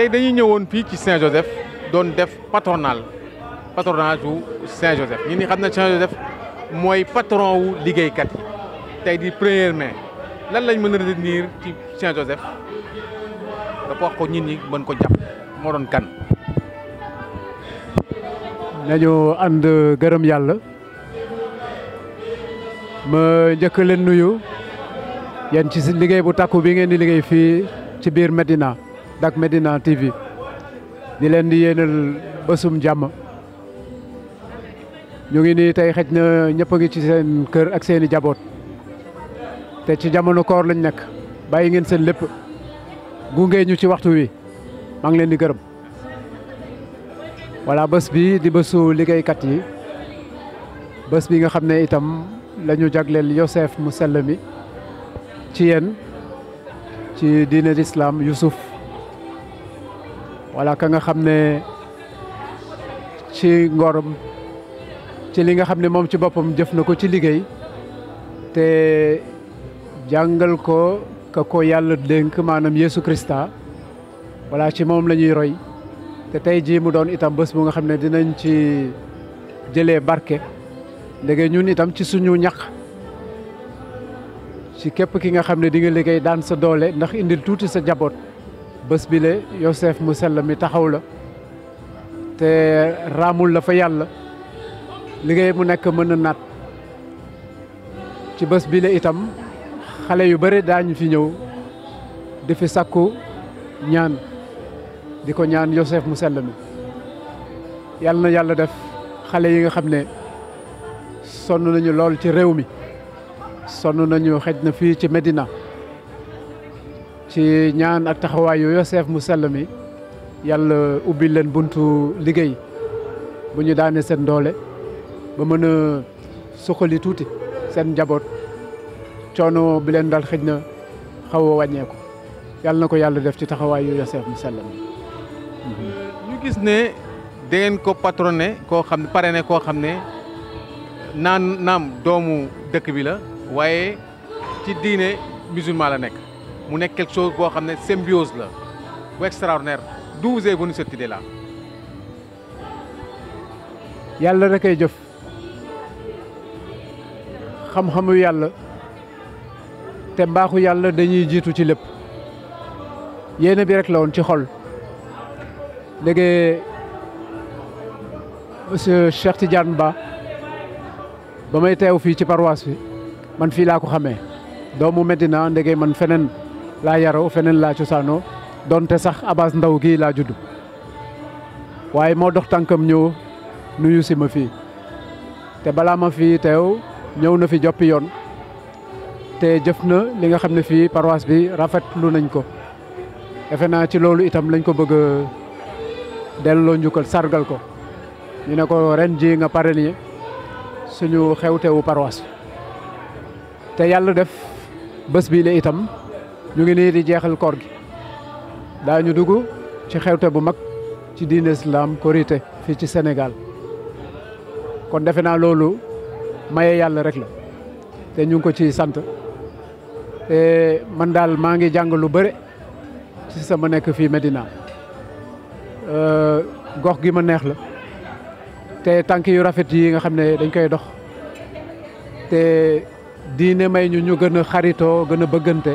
tey dañuy ñëwoon fii ci Saint-Joseph doon def patronal patronage wu Saint-Joseph ñi ni xam na Saint-Joseph mooy patron wu liggéeykat tey di premier mai lan lañ mën a retenir ci Saint-Joseph dafa ko nit ñi mën ko jàpp moo doon kan nañu ànd gërëm yàlla ma njëkk leen nuyu yéen ci liggéey bu takku bi ngeen di liggéey fii ci biir Medina Dak Médina TV di leen di yéenal bésum jàmm ñu ngi nii tey xëj na ñëpp a ngi ci seen kër ak seeni jaboot te ci jamono koor lañ nekk bàyyi ngeen seen lépp gu ñu ci waxtu wi maa ngi leen di gërëm voilà bés bi di bésu liggéeykat yi bés bi nga xam ne itam la ñu jagleel Yosef mu sell mi ci yéen ci diine l'islam Youssouf wala ka nga xam ne ci ngorom ci li nga xam ne moom ci boppam jëf na ko ci liggéey te jàngal ko ka ko yàlla dénk maanaam Yeesu Krista wala ci moom lañuy roy te tey jii mu doon itam bés bu nga xam ne dinañ ci jëlee barke ndege ñun itam ci suñu ñaq ci képp ki nga xam ne di nga liggéey daan sa doole ndax indil tuuti sa jaboot bës bi le Yosef mu sell mi taxaw la te raamul la fa yàlla liggéey mu nekk mën na naat ci bës bi le itam xale yu bëri daañu fi ñëw di fi sakku ñaan di ko ñaan Yosef mu sell mi yàlla na yàlla def xale yi nga xam ne sonn nañu lool ci réew mi sonn nañu xej na fii ci Medina. ci ñaan ak taxawaay yooyu Seex mu sell mi yàlla ubbi leen buntu liggéey buñu ñu daane seen doole ba mën a suqali tuuti seen njaboot coono bi leen dal xëj na xaw a wàññeeku yàlla na ko yàlla def ci taxawaay yooyu Seex mu ñu gis ne dangeen ko patronné koo xam ne parrainé koo xam ne naan naam doomu dëkk bi la waaye ci diine musulman la nekk mu nekk quelque chose boo xam ne symbiose la bu extraordinaire d'où vous est venue cette idée là. Yalla rek ay jëf xam-xamu yalla té mbaaxu yalla dañuy jitu ci lépp yéene bi rek la won ci xol léegi monsieur Cheikh Tidiane Ba ba may teew ci paroisse fi man fi la ko xamé doomu Medina ndege man fenen laa yaroo feneen laa cosaanoo donte sax Abass ndaw gii laa judd waaye moo dox tànkam ñëw nuyu si ma fii te balaa ma fii teew ñëw na fi joppi yoon te jëf na li nga xam ne fii parwaas bi rafetlu nañ ko defe naa ci loolu itam lañ ko bëgg a delloo njukkal sargal ko ñu ne ko ren ji nga parrainer suñu xewtewu parwaas te yàlla def bés bii la itam ñu ngi nii di jeexal koor gi daañu dugg ci xewte bu mag ci diine islam korité fii ci Sénégal kon defe naa loolu maye yàlla rek la te ñu ko ciy sant te man daal maa ngi jàng lu bëre ci sama nekk fii Medina gox gi ma neex la te tànk yu rafet yi nga xam ne dañ koy dox te diine may ñu ñu gën a xaritoo gën a bëggante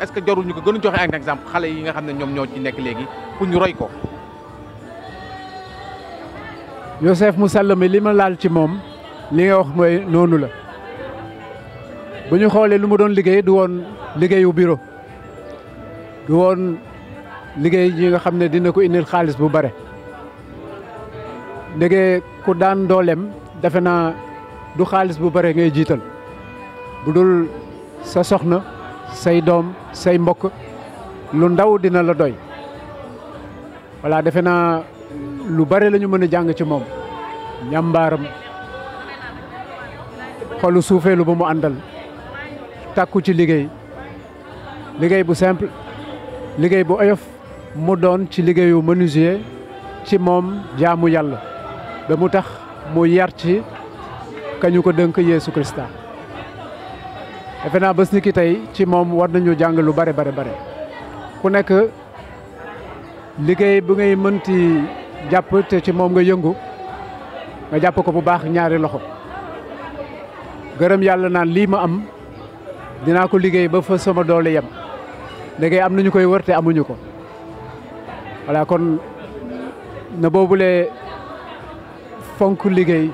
est-ce que jarul ko gën a joxe ak exemple xale yi nga xam ne ñoom ñoo ci nekk léegi pour ñu roy ko. Yosef Musalla mi li ma laal ci moom li nga wax mooy noonu la bu ñu xoolee lu mu doon liggéey du woon liggéeyu bureau du woon liggéey yi nga xam ne dina ko indil xaalis bu bare ndege ku daan dooleem defe naa du xaalis bu bare ngay jiital bu dul sa soxna. say doom say mbokk lu ndaw dina la doy voilà defe naa lu bare lañu mën a jàng ci moom ñàmbaaram xolu suufeelu ba mu àndal takku ci liggéey liggéey bu simple liggéey bu oyof mu doon ci liggéeyu menuisier ci moom jaamu yàlla ba mu tax mu yar ci kañu ko dënk Yeesu Krista defe naa nikki tey ci moom war nañu jàng lu bare bare bare ku nekk liggéey bu ngay mënti jàpp te ci moom nga yëngu nga jàpp ko bu baax ñaari loxo gërëm yàlla naan lii ma am dinaa ko liggéey ba fa doole yem ndegee am nañu koy wër te amuñu ko voilà kon na boobulee fonk liggéey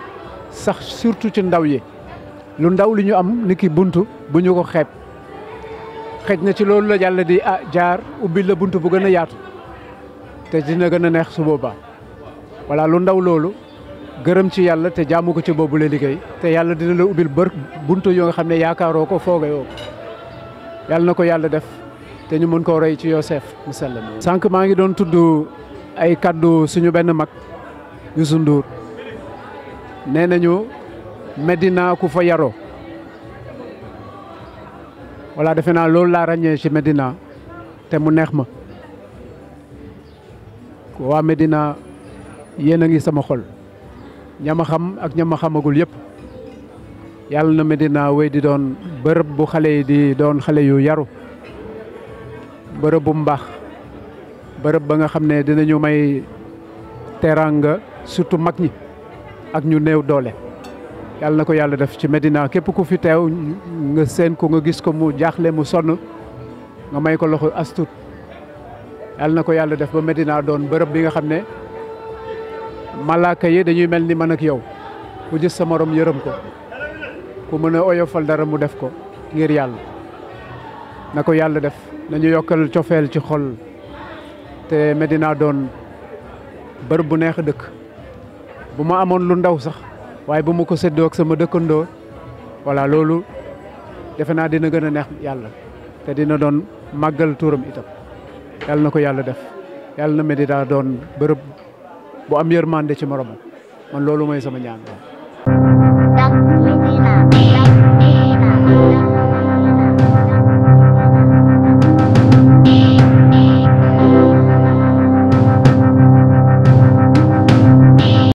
sax surtout ci ndaw yi lu ndaw li ñu am ni buntu bu ñu ko xeeb xëj na ci loolu la yàlla di a ah, jaar ubbil la buntu bu gën a yaatu te dina gën a neex su boobaa voilà lu ndaw loolu gërëm ci yàlla te jaamu ko ci boobu le liggéey te yàlla dina la ubbil bër buntu yoo nga xam ne yaakaaroo ko fooge yoo yàlla na ko yàlla def te ñu mën koo roy ci Yosef mu sell sànq maa ngi doon tudd ay kaddu suñu benn mag Youssou Ndour nee nañu Medina ku fa yaroo voilà defe naa loolu laa ràññee ci Medina te mu neex ma waa Medina yéen a ngi sama xol ñama xam ak ñama xamagul yëpp yàlla na Medina wéy di doon bërëb bu xale di doon xale yu yaru bërëb bu mbaax bërëb ba nga xam ne dina dinañu may teraanga surtout mag ñi ak ñu néew doole. yàlla na ko yàlla def ci Medina képp ku fi teew nga seen ko nga gis ko mu jaaxle mu sonn nga may ko loxo astut yàlla na ko yàlla def ba Medina doon bërëb bi nga xam ne malaaka yi dañuy mel ni mën ak yow ku gis sa morom yërëm ko ku mën a oyofal dara mu def ko ngir yàlla na ko yàlla def nañu yokkal cofeel ci xol te Medina doon bërëb bu neex a dëkk bu ma amoon lu ndaw sax waaye bu ma ko séddoo sama dëkkandoo voilà loolu defe naa dina gën a neex yàlla te dina doon màggal tuuram itam yàlla na ko yàlla def yàlla na Médina doon bërëb bu am yërmande ci moromam man loolu mooy sama ñaan